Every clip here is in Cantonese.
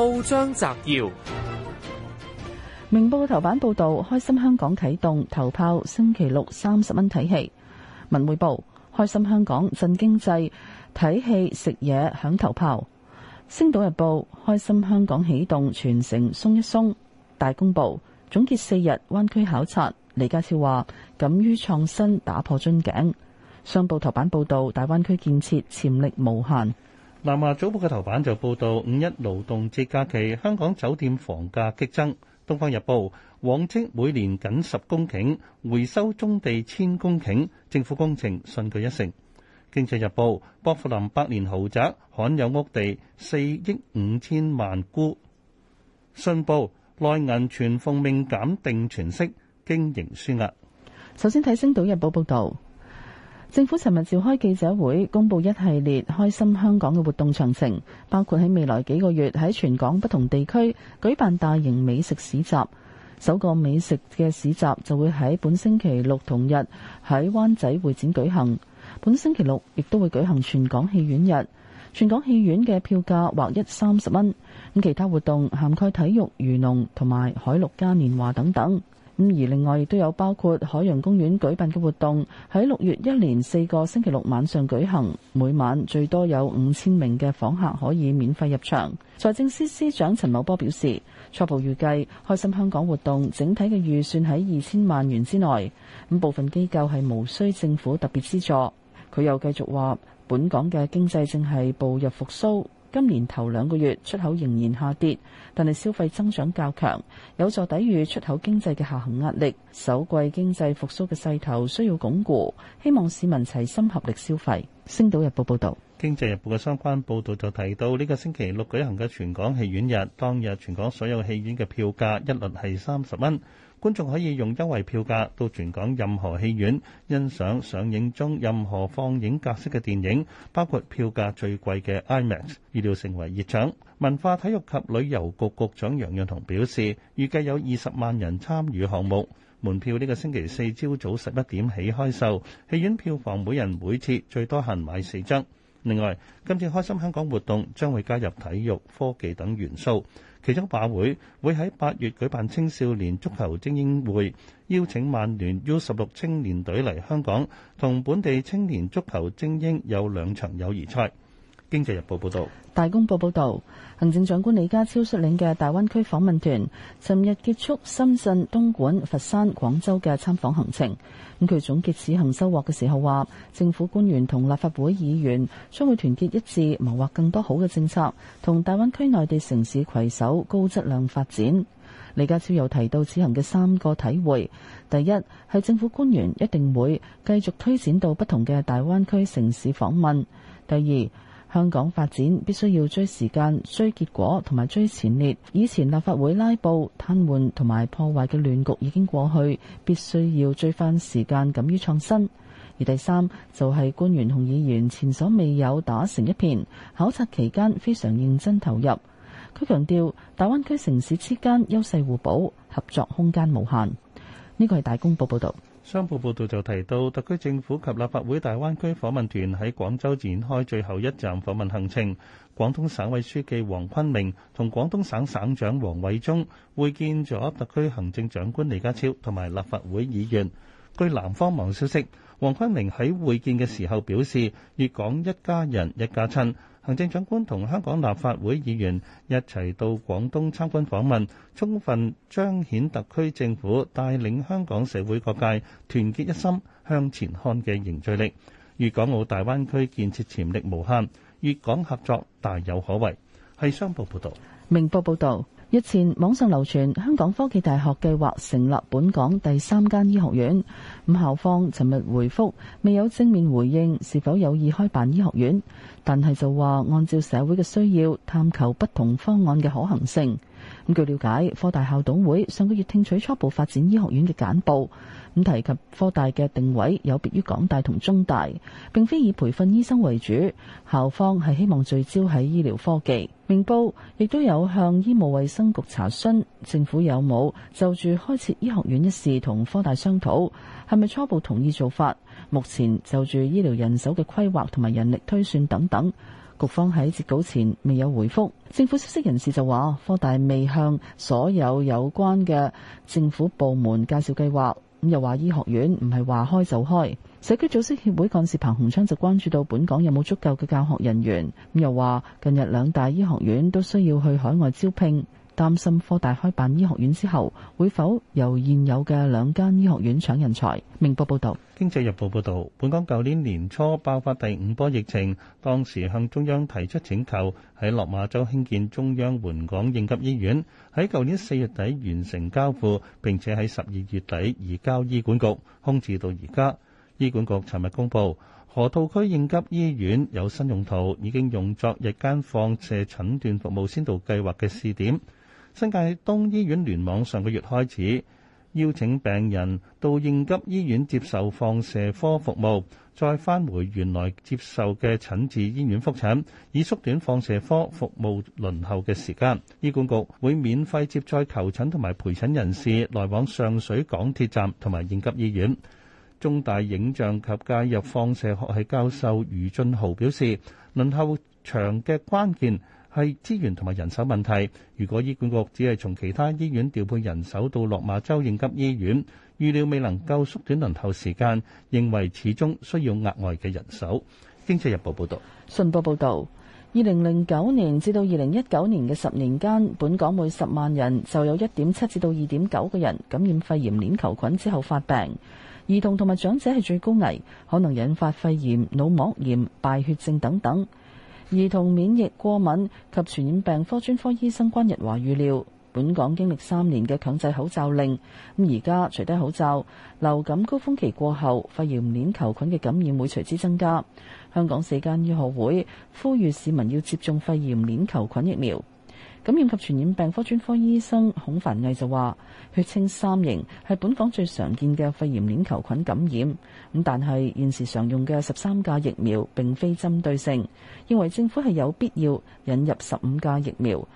報章摘要：明報頭版報道，開心香港啟動頭炮，星期六三十蚊睇戲。文匯報：開心香港振經濟，睇戲食嘢響頭炮。星島日報：開心香港啟動，全城鬆一鬆。大公報總結四日灣區考察，李家超話：敢於創新，打破樽頸。商報頭版報道：大灣區建設潛力無限。南華早報嘅頭版就報道五一勞動節假期，香港酒店房價激增。東方日報，往績每年僅十公頃，回收棕地千公頃，政府工程信據一成。經濟日報，薄扶林百年豪宅罕有屋地四億五千萬沽。信報，內銀全奉命減定存息，經營輸額。首先睇星島日報報道。政府尋日召開記者會，公布一系列開心香港嘅活動詳情，包括喺未來幾個月喺全港不同地區舉辦大型美食市集。首個美食嘅市集就會喺本星期六同日喺灣仔會展舉行。本星期六亦都會舉行全港戲院日，全港戲院嘅票價劃一三十蚊。咁其他活動涵蓋體育、漁農同埋海陸嘉年華等等。咁而另外亦都有包括海洋公園舉辦嘅活動，喺六月一連四個星期六晚上上舉行，每晚最多有五千名嘅訪客可以免費入場。財政司司長陳茂波表示，初步預計開心香港活動整體嘅預算喺二千萬元之內，咁部分機構係無需政府特別資助。佢又繼續話，本港嘅經濟正係步入復蘇。今年頭兩個月出口仍然下跌，但係消費增長較強，有助抵禦出口經濟嘅下行壓力。首季經濟復甦嘅勢頭需要鞏固，希望市民齊心合力消費。星島日報報道。經濟日報嘅相關報導就提到，呢個星期六舉行嘅全港戲院日，當日全港所有戲院嘅票價一律係三十蚊，觀眾可以用優惠票價到全港任何戲院欣賞上映中任何放映格式嘅電影，包括票價最貴嘅 IMAX，預料成為熱搶。文化體育及旅遊局局長楊潤雄表示，預計有二十萬人參與項目，門票呢個星期四朝早十一點起開售，戲院票房每人每次最多限買四張。另外，今次開心香港活動將會加入體育、科技等元素。其中，馬會會喺八月舉辦青少年足球精英會，邀請曼聯 U 十六青年隊嚟香港，同本地青年足球精英有兩場友誼賽。《經濟日報》報導，《大公報》報導，行政長官李家超率領嘅大灣區訪問團尋日結束深圳、東莞、佛山、廣州嘅參訪行程。咁、嗯、佢總結此行收穫嘅時候話，政府官員同立法會議員將會團結一致，謀劃更多好嘅政策，同大灣區內地城市攜手高質量發展。李家超又提到此行嘅三個體會：第一係政府官員一定會繼續推展到不同嘅大灣區城市訪問；第二。香港發展必須要追時間、追結果同埋追前列。以前立法會拉布、癱瘓同埋破壞嘅亂局已經過去，必須要追翻時間，敢於創新。而第三就係、是、官員同議員前所未有打成一片，考察期間非常認真投入。佢強調，大灣區城市之間優勢互補，合作空間無限。呢個係大公報報導。商報報道就提到，特區政府及立法會大灣區訪問團喺廣州展開最後一站訪問行程。廣東省委書記黃坤明同廣東省省長王偉中會見咗特區行政長官李家超同埋立法會議員。據南方網消息，黃坤明喺會見嘅時候表示：粵港一家人，一家親。行政長官同香港立法會議員一齊到廣東參觀訪問，充分彰顯特區政府帶領香港社會各界團結一心向前看嘅凝聚力。粵港澳大灣區建設潛力無限，粵港合作大有可為。係商報報道。明報報道。日前網上流傳香港科技大學計劃成立本港第三間醫學院，咁校方尋日回覆，未有正面回應是否有意開辦醫學院，但係就話按照社會嘅需要，探求不同方案嘅可行性。咁據了解，科大校董會上個月聽取初步發展醫學院嘅簡報，咁提及科大嘅定位有別於港大同中大，並非以培訓醫生為主，校方係希望聚焦喺醫療科技。明報亦都有向醫務衛生局查詢，政府有冇就住開設醫學院一事同科大商討，係咪初步同意做法？目前就住醫療人手嘅規劃同埋人力推算等等。局方喺截稿前未有回覆，政府消息人士就話，科大未向所有有關嘅政府部門介紹計劃，咁又話醫學院唔係話開就開，社區組織協會幹事彭鴻昌就關注到本港有冇足夠嘅教學人員，咁又話近日兩大醫學院都需要去海外招聘。擔心科大開辦醫學院之後，會否由現有嘅兩間醫學院搶人才？明報報道：《經濟日報》報道，本港舊年年初爆發第五波疫情，當時向中央提出請求喺落馬洲興建中央援港應急醫院，喺舊年四月底完成交付，並且喺十二月底移交醫管局，空置到而家。醫管局尋日公佈，河套區應急醫院有新用途，已經用作日間放射診斷服務先導計劃嘅試點。新界東醫院聯網上個月開始邀請病人到應急醫院接受放射科服務，再返回原來接受嘅診治醫院覆診，以縮短放射科服務輪候嘅時間。醫管局會免費接載求診同埋陪診人士來往上水港鐵站同埋應急醫院。中大影像及介入放射學系教授余俊豪表示，輪候長嘅關鍵係資源同埋人手問題。如果醫管局只係從其他醫院調配人手到落馬洲應急醫院，預料未能夠縮短輪候時間，認為始終需要額外嘅人手。經濟日報報道：「信報報道，二零零九年至到二零一九年嘅十年間，本港每十萬人就有一點七至到二點九個人感染肺炎鏈球菌之後發病。兒童同埋長者係最高危，可能引發肺炎、腦膜炎、敗血症等等。兒童免疫過敏及傳染病科專科醫生關日華預料，本港經歷三年嘅強制口罩令，咁而家除低口罩，流感高峰期過後，肺炎鏈球菌嘅感染會隨之增加。香港四間醫學會呼籲市民要接種肺炎鏈球菌疫苗。感染及傳染病科專科醫生孔凡毅就話：血清三型係本港最常見嘅肺炎鏈球菌感染，咁但係現時常用嘅十三價疫苗並非針對性，認為政府係有必要引入十五價疫苗。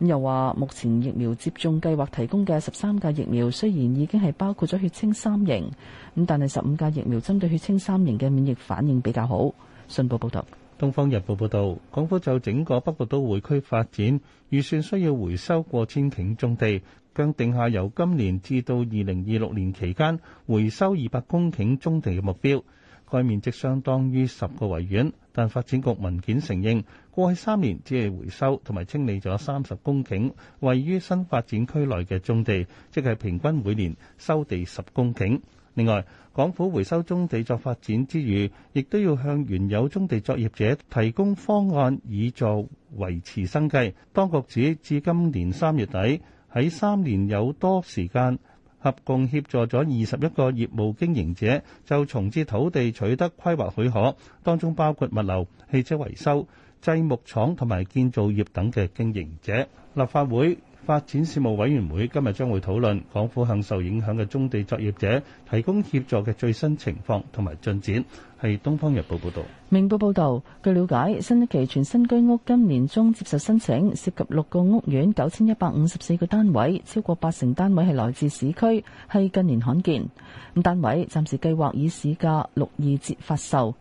咁又話目前疫苗接種計劃提供嘅十三價疫苗雖然已經係包括咗血清三型，咁但係十五價疫苗針對血清三型嘅免疫反應比較好。信報報道。《東方日報》報導，港府就整個北部都會區發展預算需要回收過千頃棕地，將定下由今年至到二零二六年期間回收二百公頃棕地嘅目標，該面積相當於十個維園。但發展局文件承認，過去三年只係回收同埋清理咗三十公頃位於新發展區內嘅棕地，即係平均每年收地十公頃。另外，港府回收棕地作發展之餘，亦都要向原有棕地作業者提供方案，以助維持生計。當局指，至今年三月底，喺三年有多時間，合共協助咗二十一個業務經營者就重置土地取得規劃許可，當中包括物流、汽車維修、製木廠同埋建造業等嘅經營者。立法會發展事務委員會今日將會討論港府向受影響嘅中地作業者提供協助嘅最新情況同埋進展，係東方日報報道。明報報道，據了解，新一期全新居屋今年中接受申請，涉及六個屋苑九千一百五十四個單位，超過八成單位係來自市區，係近年罕見。咁單位暫時計劃以市價六二折發售。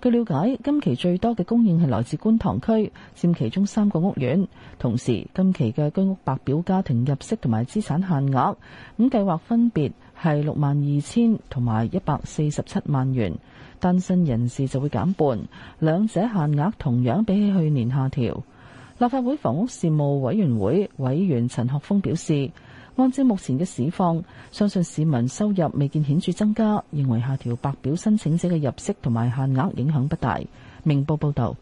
據了解，今期最多嘅供應係來自觀塘區，佔其中三個屋苑。同時，今期嘅居屋白表家庭入息同埋資產限額咁計劃分別係六萬二千同埋一百四十七萬元，單身人士就會減半，兩者限額同樣比起去年下調。立法會房屋事務委員會委員陳學鋒表示，按照目前嘅市況，相信市民收入未見顯著增加，認為下調白表申請者嘅入息同埋限額影響不大。明報報道，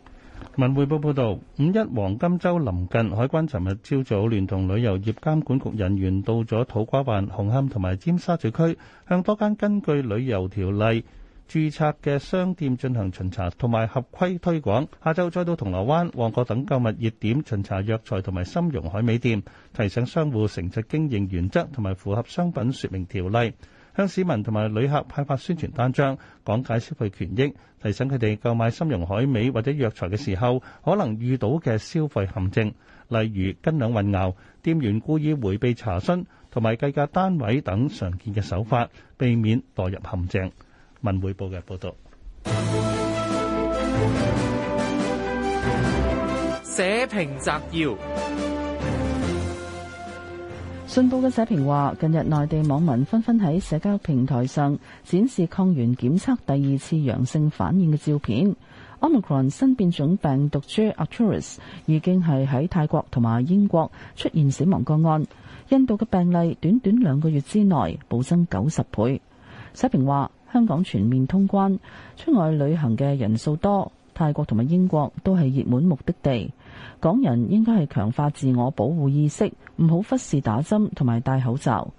文匯報報道，五一黃金周臨近，海關尋日朝早聯同旅遊業監管局人員到咗土瓜灣、紅磡同埋尖沙咀區，向多間根據旅遊條例註冊嘅商店進行巡查同埋合規推廣。下晝再到銅鑼灣、旺角等購物熱點巡查藥材同埋參茸海味店，提醒商戶誠實經營原則同埋符合商品說明條例，向市民同埋旅客派發宣傳單張，講解消費權益，提醒佢哋購買參茸海味或者藥材嘅時候可能遇到嘅消費陷阱，例如斤兩混淆、店員故意迴避查詢同埋計價單位等常見嘅手法，避免墮入陷阱。文匯報嘅報道，社評摘要。信報嘅社評話：近日內地網民紛紛喺社交平台上展示抗原檢測第二次陽性反應嘅照片。Omicron 新變種病毒 Arcturus 已經係喺泰國同埋英國出現死亡個案。印度嘅病例短短兩個月之內暴增九十倍。社評話。香港全面通關，出外旅行嘅人數多，泰國同埋英國都係熱門目的地。港人應該係強化自我保護意識，唔好忽視打針同埋戴口罩。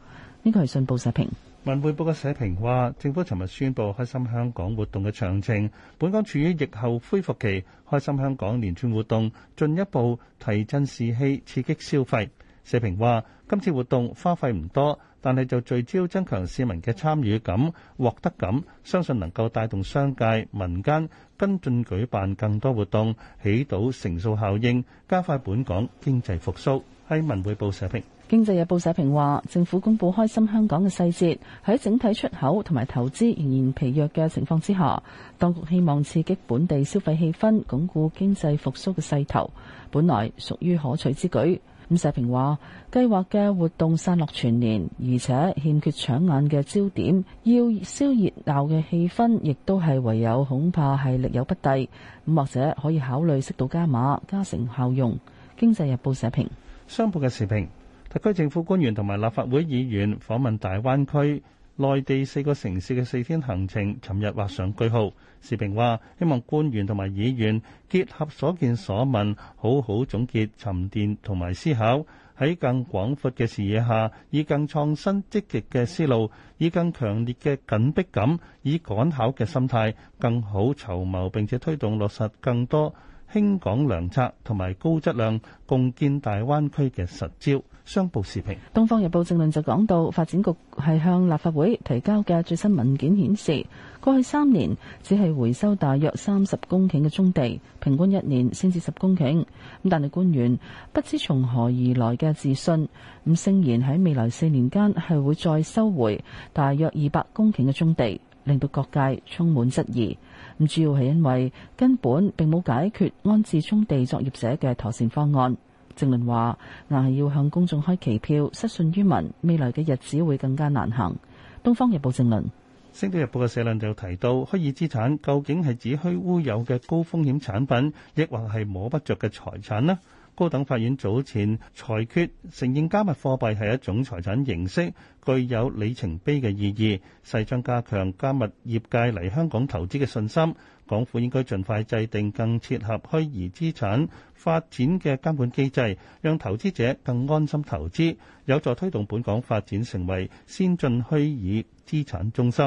呢個係信報社評。文匯報嘅社評話，政府尋日宣布開心香港活動嘅詳情。本港處於疫後恢復期，開心香港連串活動進一步提振士氣，刺激消費。社評話：今次活動花費唔多，但係就聚焦增強市民嘅參與感、獲得感，相信能夠帶動商界、民間跟進舉辦更多活動，起到乘數效應，加快本港經濟復蘇。係文匯報社評。經濟日報社評話：政府公布開心香港嘅細節，喺整體出口同埋投資仍然疲弱嘅情況之下，當局希望刺激本地消費氣氛，鞏固經濟復蘇嘅勢頭，本來屬於可取之舉。社評話：計劃嘅活動散落全年，而且欠缺搶眼嘅焦點，要燒熱鬧嘅氣氛，亦都係唯有恐怕係力有不逮。咁或者可以考慮適度加碼，加成效用。《經濟日報》社評。商報嘅時評：特區政府官員同埋立法會議員訪問大灣區。內地四個城市嘅四天行程，尋日畫上句號。時評話：希望官員同埋議員結合所見所聞，好好總結、沉澱同埋思考，喺更廣闊嘅視野下，以更創新積極嘅思路，以更強烈嘅緊迫感，以趕考嘅心態，更好籌謀並且推動落實更多。傾港良策同埋高質量共建大灣區嘅實招。商報視頻，《東方日報》政論就講到，發展局係向立法會提交嘅最新文件顯示，過去三年只係回收大約三十公頃嘅宗地，平均一年先至十公頃。咁但係官員不知從何而來嘅自信，咁聲言喺未來四年間係會再收回大約二百公頃嘅宗地。令到各界充滿質疑，咁主要係因為根本並冇解決安置棕地作業者嘅妥善方案。正論話，硬係要向公眾開期票，失信於民，未來嘅日子會更加難行。《東方日報》正論，《星島日報》嘅社論就提到，虛擬資產究竟係子虛烏有嘅高風險產品，抑或係摸不着嘅財產呢？高等法院早前裁決承認加密貨幣係一種財產形式，具有里程碑嘅意義，勢將加強加密業界嚟香港投資嘅信心。港府應該盡快制定更切合虛擬資產發展嘅監管機制，讓投資者更安心投資，有助推動本港發展成為先進虛擬資產中心。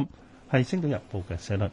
係《星島日報》嘅社論。